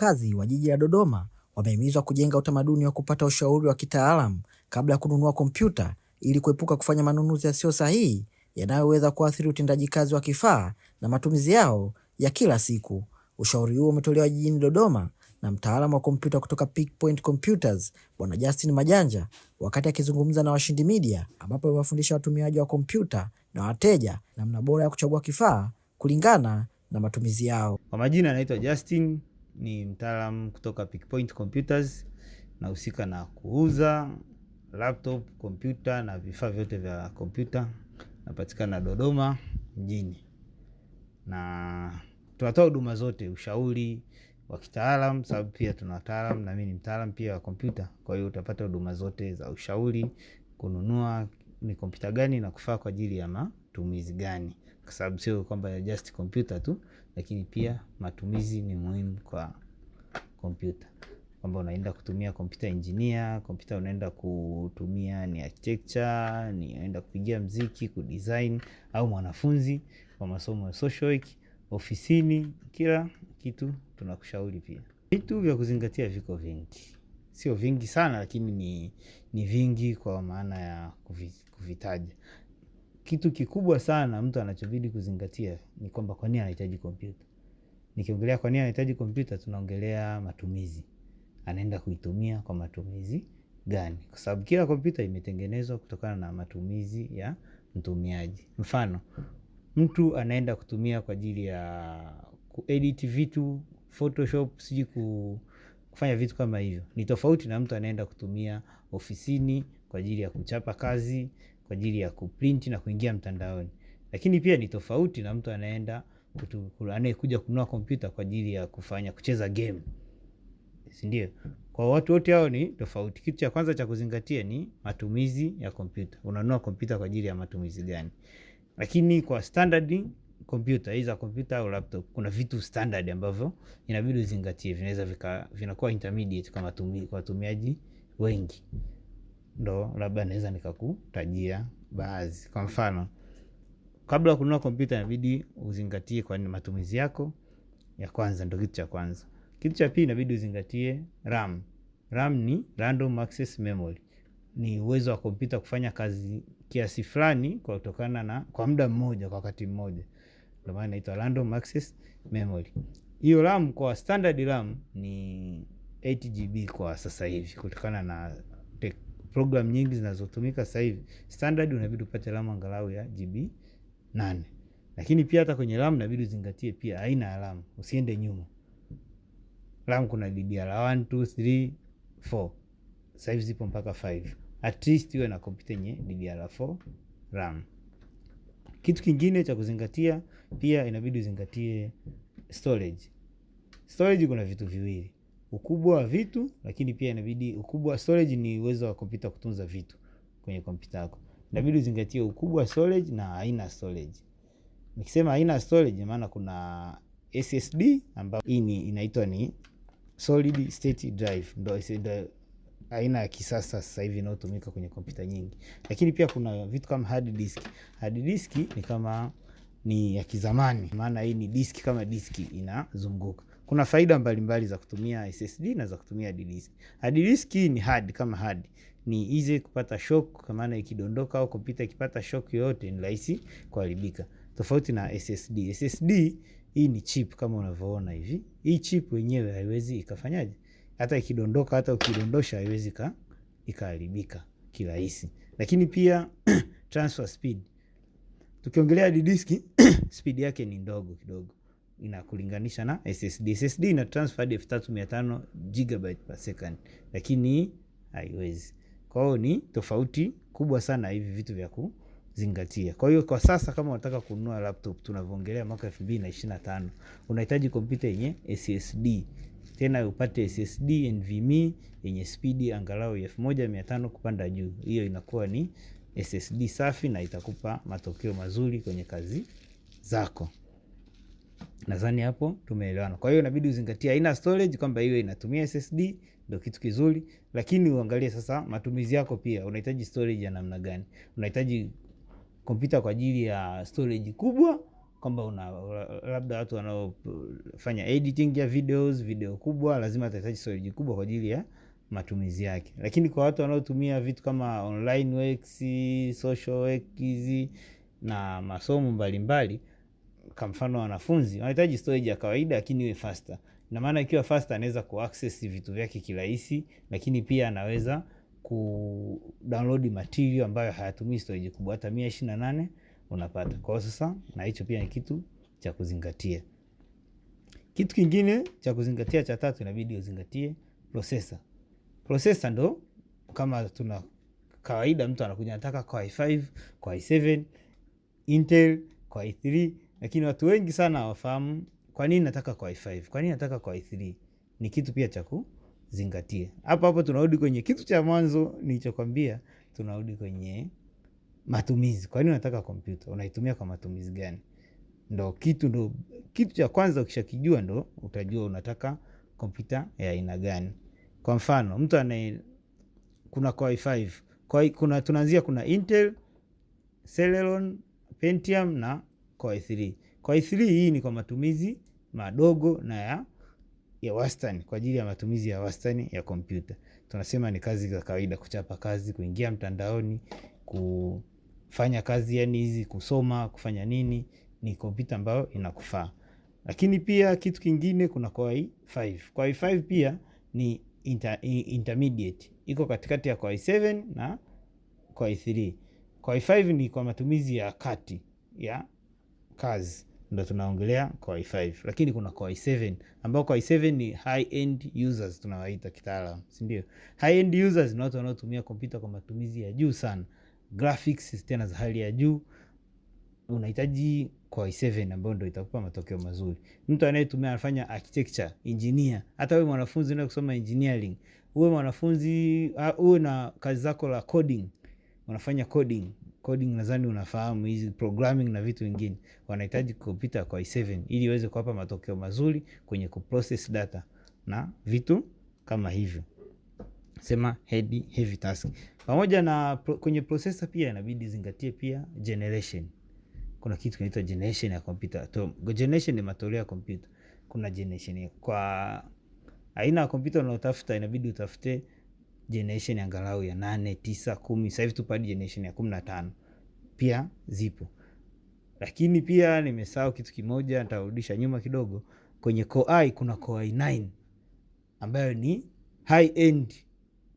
Wakazi wa jiji la Dodoma wamehimizwa kujenga utamaduni wa kupata ushauri wa kitaalamu kabla ya kununua kompyuta ili kuepuka kufanya manunuzi yasiyo sahihi yanayoweza kuathiri utendaji kazi wa kifaa na matumizi yao ya kila siku. Ushauri huo umetolewa jijini Dodoma na mtaalamu wa kompyuta kutoka Peakpoint Computers Bwana Justin Majanja wakati akizungumza na Washindi Media, ambapo amewafundisha watumiaji wa kompyuta na wateja namna bora ya kuchagua kifaa kulingana na matumizi yao. Kwa majina anaitwa Justin ni mtaalam kutoka Pickpoint Computers, nahusika na kuuza laptop, kompyuta na vifaa vyote vya kompyuta. Napatikana Dodoma mjini, na tunatoa huduma zote, ushauri wa kitaalam sababu pia tuna wataalam na mimi ni mtaalam pia wa kompyuta. Kwa hiyo utapata huduma zote za ushauri, kununua ni kompyuta gani na kufaa kwa ajili ya matumizi gani kwa sababu sio kwamba just kompyuta tu, lakini pia matumizi ni muhimu kwa kompyuta, kwamba unaenda kutumia kompyuta engineer, kompyuta unaenda kutumia ni architecture, ni unaenda kupigia mziki, kudesign, au mwanafunzi kwa masomo ya social work, ofisini, kila kitu tunakushauri pia. Vitu vya kuzingatia viko vingi, sio vingi sana, lakini ni, ni vingi kwa maana ya kuvitaja kitu kikubwa sana mtu anachobidi kuzingatia ni kwamba kwa nini anahitaji kompyuta. Nikiongelea kwa nini anahitaji kompyuta, tunaongelea matumizi, anaenda kuitumia kwa matumizi gani? Kwa sababu kila kompyuta imetengenezwa kutokana na matumizi ya mtumiaji. Mfano, mtu anaenda kutumia kwa ajili ya kuedit vitu Photoshop, sijui kufanya vitu kama hivyo, ni tofauti na mtu anaenda kutumia ofisini kwa ajili ya kuchapa kazi kwa ajili ya kuprint na kuingia mtandaoni, lakini pia ni tofauti na mtu anaenda anayekuja kununua kompyuta kwa ajili ya kufanya kucheza game, si ndio? Kwa watu wote hao ni tofauti. Kitu cha kwanza cha kuzingatia ni matumizi ya kompyuta. Unanunua kompyuta kwa ajili ya matumizi gani? Lakini kwa standard kompyuta hizo, kompyuta au laptop, kuna vitu standard ambavyo inabidi uzingatie, vinaweza vinakuwa intermediate kwa matumizi kwa watumiaji wengi ndo labda naweza nikakutajia baadhi. Kwa mfano, kabla ya kununua kompyuta inabidi uzingatie kwa nini matumizi yako ya kwanza, ndo kitu cha kwanza. Kitu cha pili inabidi uzingatie RAM. RAM ni random access memory, ni uwezo wa kompyuta kufanya kazi kiasi fulani kwa kutokana na kwa muda mmoja, kwa wakati mmoja, ndo maana inaitwa random access memory. Hiyo RAM kwa standard RAM ni 8 GB kwa sasa hivi kutokana na program nyingi zinazotumika sasa hivi standard unabidi upate RAM angalau ya GB 8. Lakini pia hata kwenye RAM inabidi uzingatie pia aina ya RAM, usiende nyuma. RAM kuna DDR1, 2, 3, 4. Sasa hivi zipo mpaka 5. At least iwe na kompyuta yenye DDR4 RAM. Kitu kingine cha kuzingatia pia inabidi uzingatie storage. Storage kuna vitu viwili ukubwa wa vitu, lakini pia inabidi ukubwa wa storage ni uwezo wa kompyuta kutunza vitu kwenye kompyuta yako. Inabidi uzingatie ukubwa wa storage na aina storage. Nikisema aina storage, maana kuna SSD ambayo hii ni inaitwa ni solid state drive, ndio aina ya kisasa sasa hivi inayotumika kwenye kompyuta nyingi, lakini pia kuna vitu kama hard disk. Hard disk ni kama ni ya kizamani, maana hii ni disk kama disk inazunguka kuna faida mbalimbali mbali za kutumia SSD na za kutumia hard disk. Hard disk ni hard kama hard, ni easy kupata shock, kwa maana ikidondoka au kompyuta ikipata shock yoyote ni rahisi kuharibika, tofauti na SSD. SSD hii ni chip kama unavyoona hivi, hii chip yenyewe haiwezi ikafanyaje, hata ikidondoka, hata ukidondosha haiwezi ikaharibika kirahisi. Lakini pia transfer speed, tukiongelea hard disk speed yake ni ndogo kidogo inakulinganisha na SSD. SSD ina transfer hadi 3500 mia gigabyte per second, lakini haiwezi. Kwa hiyo ni tofauti kubwa sana, hivi vitu vya kuzingatia. Kwa hiyo kwa sasa kama unataka kununua laptop, tunavyoongelea mwaka 2025 unahitaji kompyuta yenye SSD tena upate SSD NVMe yenye spidi angalau 1500 kupanda juu. Hiyo inakuwa ni SSD safi na itakupa matokeo mazuri kwenye kazi zako. Nadhani hapo tumeelewana. Kwa hiyo inabidi uzingatie aina storage kwamba hiyo inatumia SSD ndio kitu kizuri, lakini uangalie sasa matumizi yako pia. Unahitaji storage ya namna gani? Unahitaji kompyuta kwa ajili ya storage kubwa kwamba una labda watu wanaofanya editing ya videos, video kubwa lazima atahitaji storage kubwa kwa ajili ya matumizi yake. Lakini kwa watu wanaotumia vitu kama online works, social work na masomo mbalimbali mbali, kwa mfano wanafunzi wanahitaji storage ya kawaida lakini iwe faster. Na maana ikiwa faster anaweza ku access vitu vyake kirahisi, lakini pia anaweza ku download material ambayo hayatumii storage kubwa, hata 128 unapata. Kwa hiyo sasa, na hicho pia ni kitu cha kuzingatia. Kitu kingine cha kuzingatia cha tatu, inabidi uzingatie processor. Processor ndo kama tuna kawaida, mtu anakuja anataka kwa i5, kwa i7, Intel, kwa i3 lakini watu wengi sana hawafahamu kwa nini nataka kwa i5, kwa nini nataka kwa i3. Ni kitu pia cha kuzingatia. Hapo hapo tunarudi kwenye kitu cha mwanzo nilichokwambia, tunarudi kwenye matumizi. Kwa nini unataka kompyuta? Unaitumia kwa matumizi gani? Ndo kitu ndo kitu cha kwanza, ukishakijua ndo utajua unataka kompyuta ya aina gani. Kwa mfano mtu anaye kuna kwa i5 kwa, kuna tunaanzia kuna Intel Celeron, Pentium na i 3 i 3 hii ni kwa matumizi madogo na ya, ya wastani, kwa ajili ya matumizi ya wastani ya kompyuta. Tunasema ni kazi za kawaida: kuchapa kazi, kuingia mtandaoni, kufanya kazi yani hizi, kusoma, kufanya nini, ni kompyuta ambayo inakufaa. Lakini pia kitu kingine, kuna i 5 i 5 pia ni inter, intermediate, iko katikati ya i 7 e na i 3 i 5 ni kwa matumizi ya kati ya kazi ndo tunaongelea Core i5, lakini kuna Core i7 ambao Core i7 ni high end users tunawaita kitaalam, si ndio? High end users ni watu wanaotumia kompyuta kwa matumizi ya juu sana, graphics tena za hali ya juu. Unahitaji Core i7 ambayo ndo itakupa matokeo mazuri. Mtu anayetumia anafanya architecture, engineer, hata wewe mwanafunzi unaye kusoma engineering, uwe mwanafunzi uwe na kazi zako la coding, unafanya coding, coding nadhani unafahamu hizi programming na vitu vingine, wanahitaji kompyuta kwa i7 ili iweze kuwapa matokeo mazuri kwenye kuprocess data na vitu kama hivyo. Sema heavy, heavy task. Pamoja na pro, kwenye processor pia inabidi zingatie pia generation. Kuna kitu kinaitwa generation ya kompyuta. To, generation ni matoleo ya kompyuta. Kuna generation kwa aina ya kompyuta unayotafuta inabidi utafute generation angalau ya nane, tisa, kumi, sahivi hivi tupo hadi generation ya kumi na tano pia zipo. Lakini pia nimesahau kitu kimoja, nitarudisha nyuma kidogo. Kwenye Core kuna Core 9 ambayo ni high end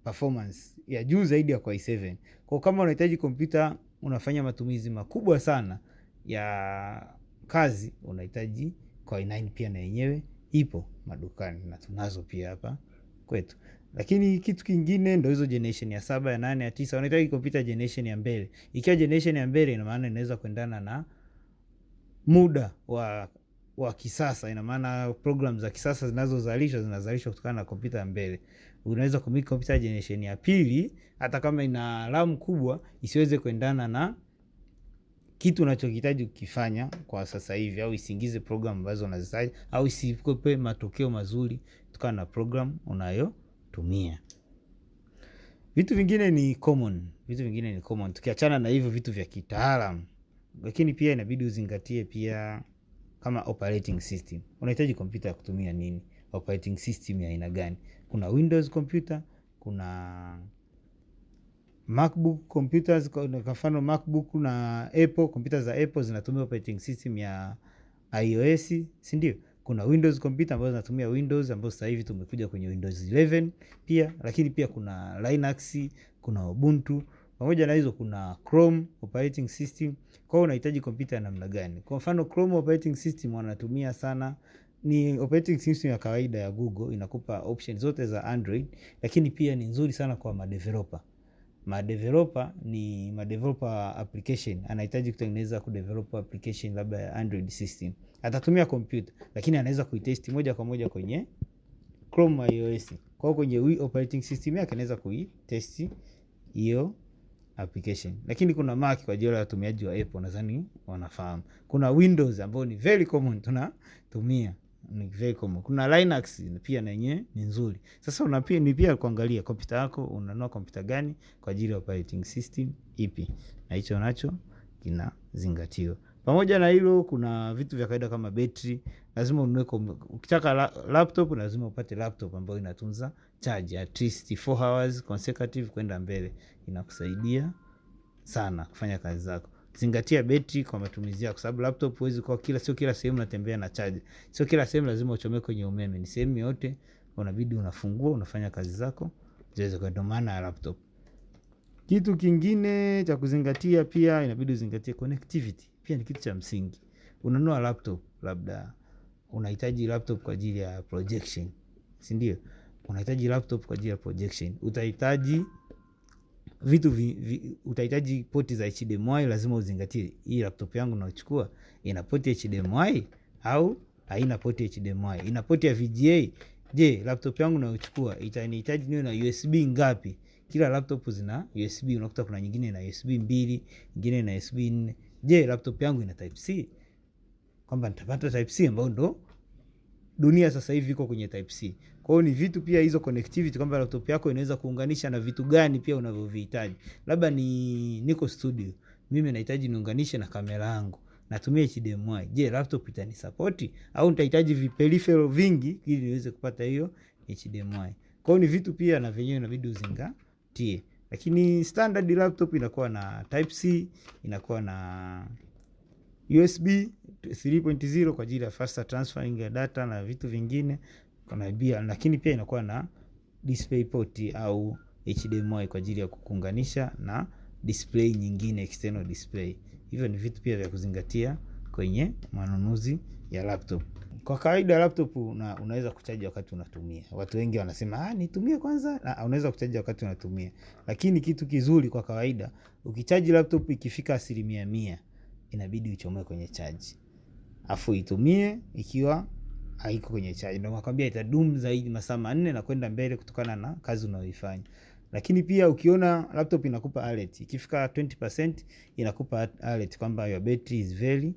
performance ya juu zaidi ya Core i7. Kwa kama unahitaji kompyuta unafanya matumizi makubwa sana ya kazi, unahitaji Core 9 pia na yenyewe ipo madukani na tunazo pia hapa kwetu. Lakini kitu kingine ndo hizo generation ya saba ya nane ya tisa wanahitaji kompyuta generation ya mbele. Ikiwa generation ya mbele, ina maana inaweza kuendana na muda wa wa kisasa, ina maana program za kisasa zinazozalishwa zinazalishwa kutokana na kompyuta ya mbele. Unaweza kumiliki kompyuta generation ya pili, hata kama ina RAM kubwa, isiweze kuendana na kitu unachokihitaji kukifanya kwa sasa hivi, au isiingize program ambazo unazihitaji, au isikope matokeo mazuri kutokana na program unayo tumia. Vitu vingine ni common, vitu vingine ni common, tukiachana na hivyo vitu vya kitaalam, lakini pia inabidi uzingatie pia kama operating system, unahitaji kompyuta ya kutumia nini? Operating system ya aina gani? Kuna Windows computer, kuna MacBook computers, kwa mfano MacBook na Apple, kompyuta za Apple zinatumia operating system ya iOS, si ndio? kuna Windows computer ambazo zinatumia Windows ambazo sasa hivi tumekuja kwenye Windows 11 pia, lakini pia kuna Linux, kuna Ubuntu pamoja na hizo kuna Chrome operating system. Kwa hiyo unahitaji kompyuta ya namna gani? Kwa mfano Chrome operating system wanatumia sana ni operating system ya kawaida ya Google, inakupa option zote za Android, lakini pia ni nzuri sana kwa madeveloper madevelopa ni madevelopa application, anahitaji kutengeneza kudevelop application labda ya Android system, atatumia kompyuta, lakini anaweza kuitesti moja kwa moja kwenye Chrome iOS. Kwa hiyo kwenye Wii operating system yake anaweza kuitesti hiyo application. Lakini kuna Mac kwa ajili ya watumiaji wa Apple, nadhani wanafahamu. Kuna Windows ambayo ni very common tunatumia ni very common. Kuna Linux pia na yenyewe ni nzuri. Sasa una pia ni pia kuangalia kompyuta yako unanua kompyuta gani kwa ajili ya operating system ipi. Na hicho nacho kinazingatiwa. Pamoja na hilo kuna vitu vya kawaida kama betri, lazima unue. ukitaka laptop lazima upate laptop ambayo inatunza charge at least 4 hours consecutive kwenda mbele. Inakusaidia sana kufanya kazi zako zingatia betri kwa matumizi yako, sababu laptop huwezi kwa kila, sio kila sehemu natembea na chaja, sio kila sehemu lazima uchome kwenye umeme. Ni sehemu yote unabidi unafungua, unafanya kazi zako ziweze kwenda. maana ya laptop. Kitu kingine cha kuzingatia pia, inabidi uzingatie connectivity, pia ni kitu cha msingi. Unanua laptop, labda unahitaji laptop kwa ajili ya projection, si ndio? Unahitaji laptop kwa ajili ya projection, utahitaji vitu vi, vi, utahitaji poti za HDMI, lazima uzingatie hii laptop yangu naochukua ina poti HDMI au haina poti HDMI, ina poti ya VGA. Je, laptop yangu naochukua itanihitaji niwe na USB ngapi? Kila laptop zina USB, unakuta kuna nyingine ina USB mbili, nyingine ina USB nne. Je, laptop yangu ina type C? Kwamba nitapata type C ambayo ndo dunia sasa hivi iko kwenye type C. Kwa hiyo ni vitu pia hizo connectivity kwamba laptop yako inaweza kuunganisha na vitu gani pia unavyovihitaji. Labda ni niko studio. Mimi nahitaji niunganishe na kamera yangu. Natumia HDMI. Je, laptop itanisapoti au nitahitaji viperipheral vingi ili niweze kupata hiyo HDMI. Kwa hiyo ni vitu pia na vyenyewe inabidi uzingatie. Lakini standard laptop inakuwa na type C, inakuwa na USB 3.0 kwa ajili ya faster transferring ya data na vitu vingine kuna bia, lakini pia inakuwa na display port au HDMI kwa ajili ya kukunganisha na display nyingine, external display. Hivyo ni vitu pia vya kuzingatia kwenye manunuzi ya laptop. Kwa kawaida laptop una, unaweza kuchaji wakati unatumia. Watu wengi wanasema ah, nitumie kwanza, na unaweza kuchaji wakati unatumia, lakini kitu kizuri kwa kawaida ukichaji laptop ikifika asilimia mia inabidi uchomoe kwenye chaji afu itumie ikiwa haiko kwenye chaji. Ndio nakwambia itadumu zaidi masaa manne na kwenda mbele kutokana na kazi unayoifanya. Lakini pia ukiona laptop inakupa alert ikifika 20% inakupa alert kwamba your battery is very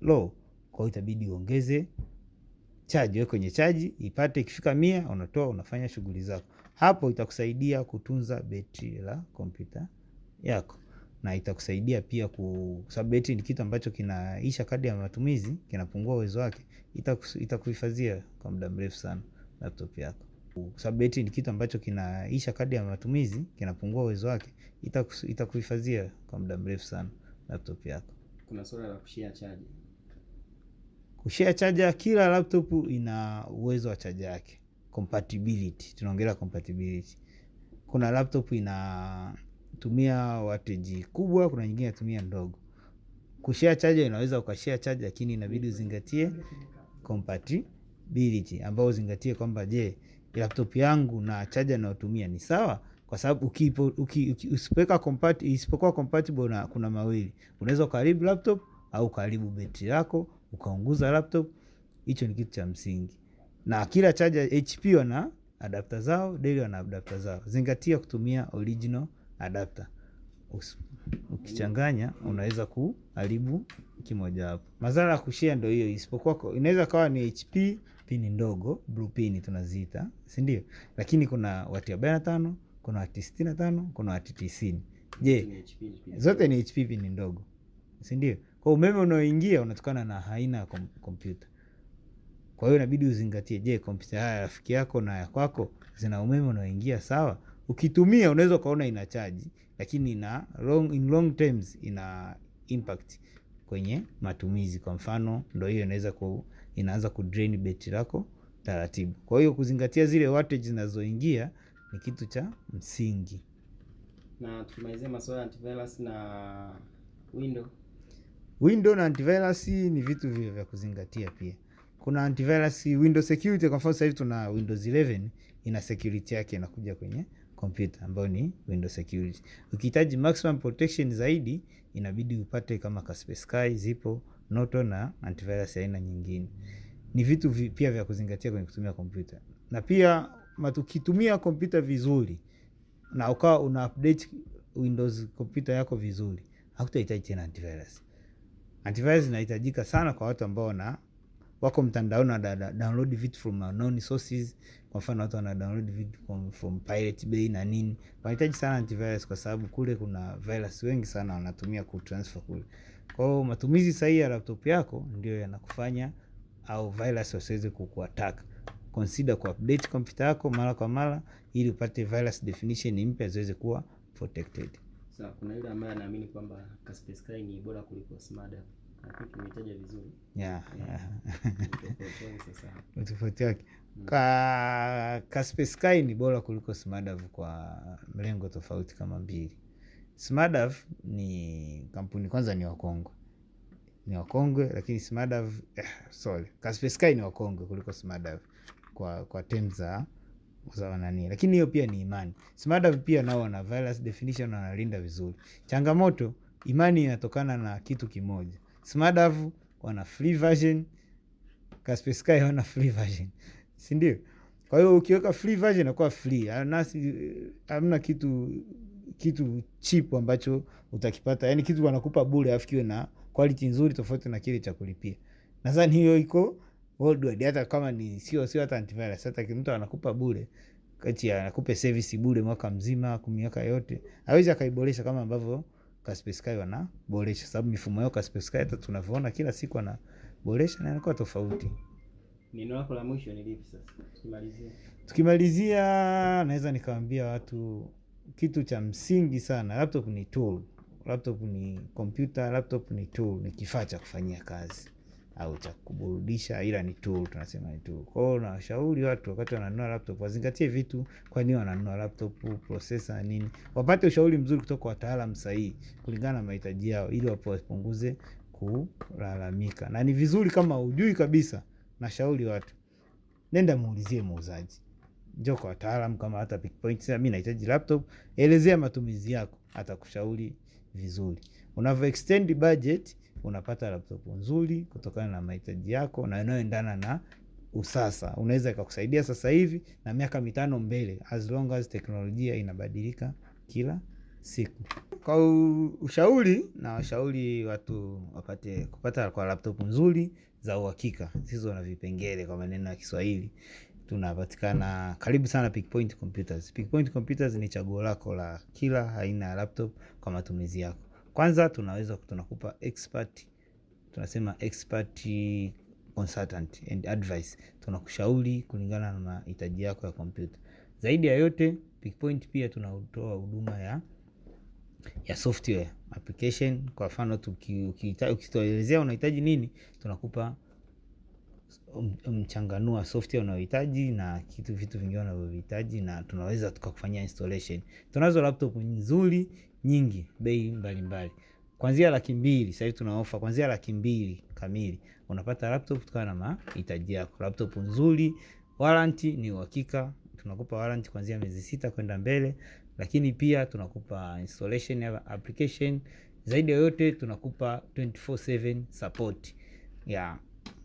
low, kwa hiyo itabidi uongeze chaji, wewe kwenye chaji ipate, ikifika mia unatoa unafanya shughuli zako. Hapo itakusaidia kutunza betri la kompyuta yako na itakusaidia pia ku sababu beti ni kitu ambacho kinaisha kadi ya matumizi, kinapungua uwezo wake, itakuhifadhia kwa muda mrefu sana laptop yako. Sababu beti ni kitu ambacho kinaisha kadi ya matumizi, kinapungua uwezo wake, itakuhifadhia kwa muda mrefu sana laptop yako. Kuna swala la kushare chaja. Kushare chaja, kila laptop ina uwezo wa chaja yake. Compatibility, tunaongelea compatibility. Kuna laptop ina tumia wateji kubwa, kuna nyingine tumia ndogo. Kushare charge unaweza ukashare charge, lakini inabidi uzingatie compatibility, ambao uzingatie kwamba je, laptop yangu na charger naotumia ni sawa kwa sababu usipoweka compat, isipokuwa compatible na kuna mawili, unaweza ukaharibu laptop au ukaharibu betri yako ukaunguza laptop. Hicho ni kitu cha msingi, na kila charger HP wana adapter zao, Dell wana adapter zao. Zingatia kutumia original adapter. Ukichanganya unaweza kuharibu kimoja wapo. Madhara ya kushare ndio hiyo, isipokuwa inaweza kawa ni HP pini ndogo, blue pini tunaziita, si ndio? Lakini kuna wati 45, kuna wati 65, kuna wati 90. Je, zote ni HP pini ndogo, si ndio? Kwa umeme unaoingia unatokana na haina ya kompyuta. Kwa hiyo inabidi uzingatie, je, kompyuta haya rafiki yako na ya kwako zina umeme unaoingia sawa? ukitumia unaweza ukaona ina chaji, lakini ina long, in long terms ina impact kwenye matumizi. Kwa mfano, ndo hiyo inaweza ku, inaanza ku drain betri lako taratibu. Kwa hiyo kuzingatia zile wattage zinazoingia ni kitu cha msingi. Na tumalizie masuala ya antivirus na window. Window na antivirus ni vitu vile vya kuzingatia pia. Kuna antivirus window security, kwa mfano sasa hivi tuna Windows 11 ina security yake inakuja kwenye kompyuta ambayo ni Windows Security. Ukihitaji maximum protection zaidi, inabidi upate kama Kaspersky, zipo Norton na antivirus aina nyingine. Ni vitu vi, pia vya kuzingatia kwenye kutumia kompyuta, na pia matukitumia kompyuta vizuri na ukawa una update Windows kompyuta yako vizuri, hakutahitaji tena antivirus. Antivirus inahitajika sana kwa watu ambao na wako mtandaoni wana download vitu from unknown sources. Kwa mfano watu wana download vitu from Pirate Bay na nini, wanahitaji sana antivirus kwa sababu kule kuna virus wengi sana wanatumia kutransfer kule. Kwa hiyo matumizi sahihi ya laptop yako ndio yanakufanya au virus wasiweze kukuattack. Consider kuupdate kompyuta yako mara kwa mara ili upate virus definition mpya ziweze kuwa protected. Sawa, kuna yule ambaye anaamini kwamba Kaspersky ni bora kuliko Smada. Tumeitaja vizuri. Yeah. Eh, Utofauti wake mm. ka Kaspi ni bora kuliko Smadav kwa mlengo tofauti kama mbili. Smadav ni kampuni kwanza, ni wakongwe ni wakongwe, lakini Smadav eh, sorry, Kaspi ni wakongwe kuliko Smadav kwa kwa tem za nani, lakini hiyo pia ni imani. Smadav pia nao wana virus definition, wanalinda vizuri. Changamoto imani inatokana na kitu kimoja SmartDAV wana free version, Kaspersky Sky hawana free version, si Kwa hiyo ukiweka free version inakuwa free, hamna kitu kitu cheap ambacho utakipata, yani kitu wanakupa bule afu kiwe na quality nzuri tofauti na kile cha kulipia. Nadhani hiyo iko worldwide, hata kama ni sio sio hata antivirus, hata mtu anakupa bule kati anakupe service bule mwaka mzima kwa miaka yote, hawezi akaiboresha kama ambavyo Kaspi wanaboresha, sababu mifumo yao Kaspi hata tunavyoona kila siku anaboresha na inakuwa tofauti. Neno lako la mwisho ni lipi sasa? Tukimalizia, tukimalizia naweza nikawaambia watu kitu cha msingi sana, laptop ni tool, laptop ni kompyuta, laptop ni tool, ni kifaa cha kufanyia kazi au cha kuburudisha, ila ni tool, tunasema ni tool. Kwa hiyo nawashauri watu wakati wananunua laptop wazingatie vitu, kwa nini wananunua laptop, processor nini, wapate ushauri mzuri kutoka kwa wataalamu sahihi kulingana na mahitaji yao, ili wapunguze kulalamika. Na ni vizuri kama ujui kabisa, nashauri watu nenda muulizie muuzaji, njoo kwa wataalamu kama hata Pickpoint, sema mimi nahitaji laptop, elezea matumizi yako, atakushauri vizuri. Unavyo extend budget unapata laptop nzuri kutokana na mahitaji yako na inayoendana na usasa. Unaweza ikakusaidia sasa hivi na miaka mitano mbele, as long as teknolojia inabadilika kila siku. Kwa ushauri na washauri watu wapate kupata kwa laptop nzuri za uhakika zisizo na vipengele, kwa maneno ya Kiswahili tunapatikana karibu sana Pickpoint Computers. Pickpoint Computers ni chaguo lako la kila aina ya laptop kwa matumizi yako. Kwanza tunaweza tunakupa expert, tunasema expert consultant and advice, tunakushauri kulingana na mahitaji yako ya kompyuta. Zaidi ya yote, Pickpoint pia tunatoa huduma ya ya software application. Kwa mfano ukituelezea unahitaji nini, tunakupa mchanganua software unayohitaji na kitu vitu vingine unavyohitaji, na tunaweza tukakufanyia installation. Tunazo laptop nzuri nyingi, bei mbalimbali, kwanzia laki mbili sasa hivi tuna ofa kwanzia laki mbili kamili unapata laptop kutokana na mahitaji yako. Laptop nzuri, warranty ni uhakika, tunakupa warranty kwanzia miezi sita kwenda mbele, lakini pia tunakupa installation ya application. Zaidi ya yote tunakupa 24/7 support ya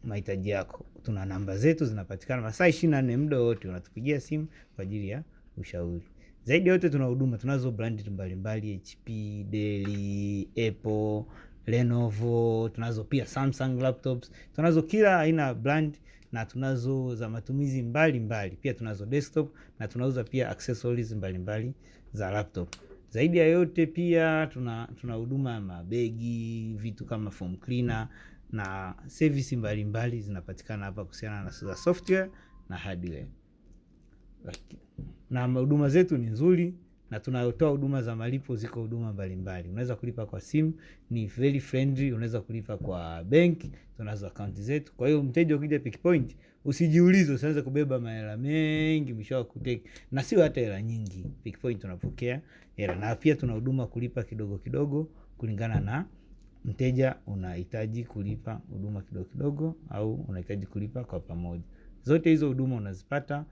mahitaji yako. Tuna namba zetu zinapatikana masaa 24, muda wote unatupigia simu kwa ajili ya ushauri. Zaidi yote tuna huduma, tunazo brand mbalimbali HP, Dell, Apple, Lenovo, tunazo pia Samsung laptops, tunazo kila aina ya brand na tunazo za matumizi mbalimbali mbali. Pia tunazo desktop na tunauza pia accessories mbalimbali mbali za laptop. Zaidi ya yote pia tuna tuna huduma ya mabegi, vitu kama foam cleaner na service mbalimbali zinapatikana hapa kuhusiana na za software na hardware na huduma zetu ni nzuri na tunayotoa huduma za malipo, ziko huduma mbalimbali. Unaweza kulipa kwa simu, ni very friendly. Unaweza kulipa kwa benki, tunazo akaunti zetu. Kwa hiyo mteja ukija Pick Point usijiulize, usianze kubeba mahela mengi, mwisho wa kuteki, na sio hata hela nyingi. Pick Point tunapokea hela, na pia tuna huduma kulipa kidogo kidogo kulingana na mteja, unahitaji kulipa huduma kidogo kidogo au unahitaji kulipa kwa pamoja. Zote hizo huduma unazipata.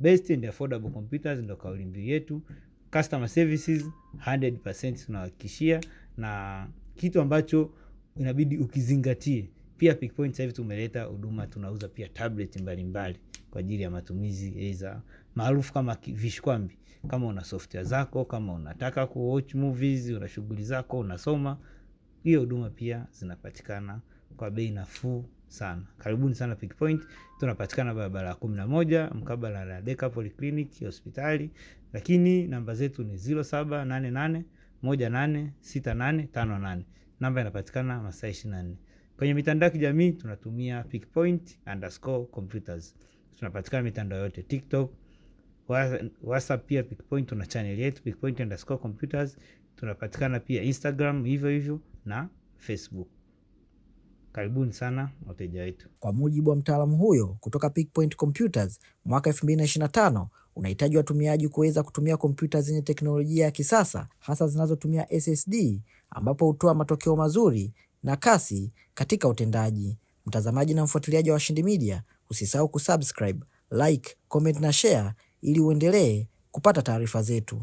Best and affordable computers ndo kauli mbiu yetu. Customer services 100% tunahakikishia, na kitu ambacho inabidi ukizingatie pia Pickpoint sasa hivi tumeleta huduma, tunauza pia tablet mbalimbali kwa ajili ya matumizi za maarufu kama vishkwambi. Kama una software zako, kama unataka ku watch movies, una shughuli zako, unasoma, hiyo huduma pia zinapatikana kwa bei nafuu sana. Karibuni sana Pick Point. Tunapatikana barabara ya kumi na moja mkabala na Deka Polyclinic hospitali, lakini namba zetu ni 0788 186858. Namba inapatikana masaa 24. Kwenye mitandao ya kijamii tunatumia computers. Tunapatikana mitandao yote TikTok, WhatsApp pia Point, tuna channel yetu Point underscore computers. Tunapatikana pia Instagram hivyo hivyo na Facebook. Karibuni sana wateja wetu. Kwa mujibu wa mtaalamu huyo kutoka Pickpoint Computers, mwaka 2025 unahitaji watumiaji kuweza kutumia kompyuta zenye teknolojia ya kisasa hasa zinazotumia SSD ambapo hutoa matokeo mazuri na kasi katika utendaji. Mtazamaji na mfuatiliaji wa Washindi Media, usisahau kusubscribe, like, comment na share ili uendelee kupata taarifa zetu.